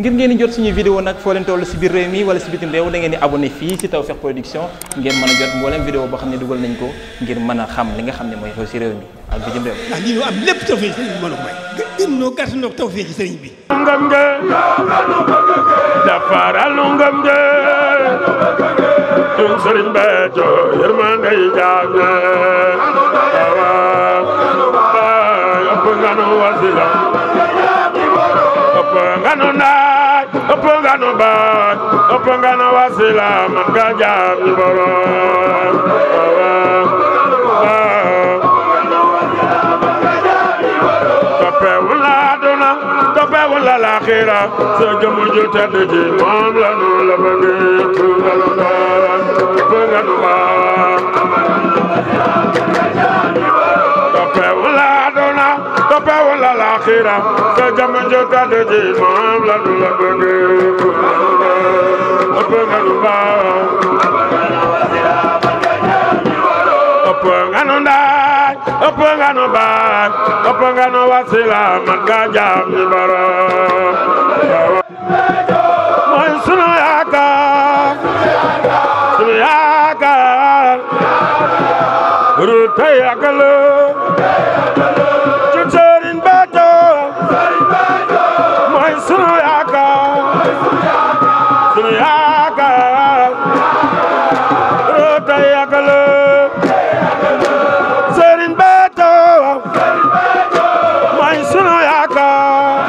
ngir ngeen jot suñu vidéo nag foo leen si biir réew mi wala si bitim réew da ngeen di abonné fii si Tawfekh Production ngeen mën a jot mboolem vidéo boo xam ne dugal nañ ko ngir mën a xam li nga xam ne mooy xew si réew mi ak bitim réew. ndax bi mën a may. gën noo gàtt noo sëriñ bi. ngam nga dafaralu ngam nga tun wasila ëpp nga naa ëpp nga nu baat ëpp nga nu wasila man nga jaam ñu borom toppewu la aduna toppewu la laaxira sa jëmu ju tedd ji moom la nu la bëgg àllaaxira sa jamono jo kàddu ji moom la du la bëgg ëpp nga nu baaw ëpp nga nu ndaaj ëpp nga nu baaj ëpp nga nu wasila man nga jaam ñi baro mooy sunu yaakaar sunu yaakaar ru tey ak ëllëg tey ak ëllëg Serigne Béthio mooy sunu yaakaar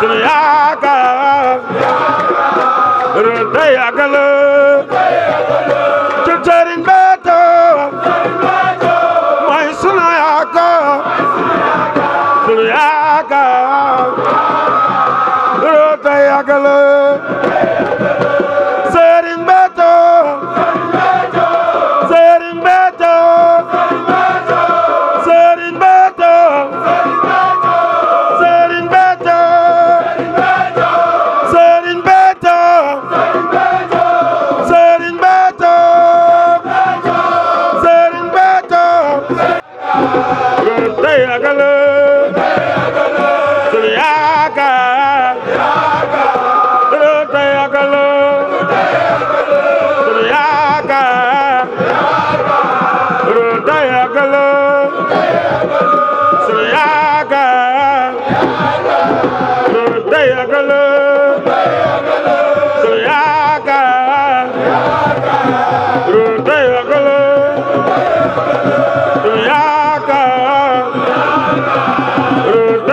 sunu yaakaar tey ak ëllëg ci Serigne Béthio mooy sunu yaakaar sunu yaakaar tey ak ëllëg Tay agal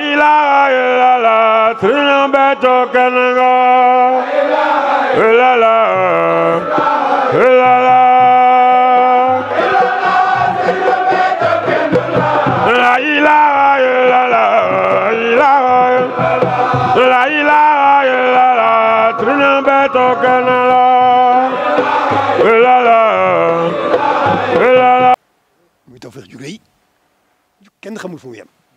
ilaha illallah sëriñ Béthio kenn nga illallah illallah muy tawfeex ju rëy kenn xamul fu mu yem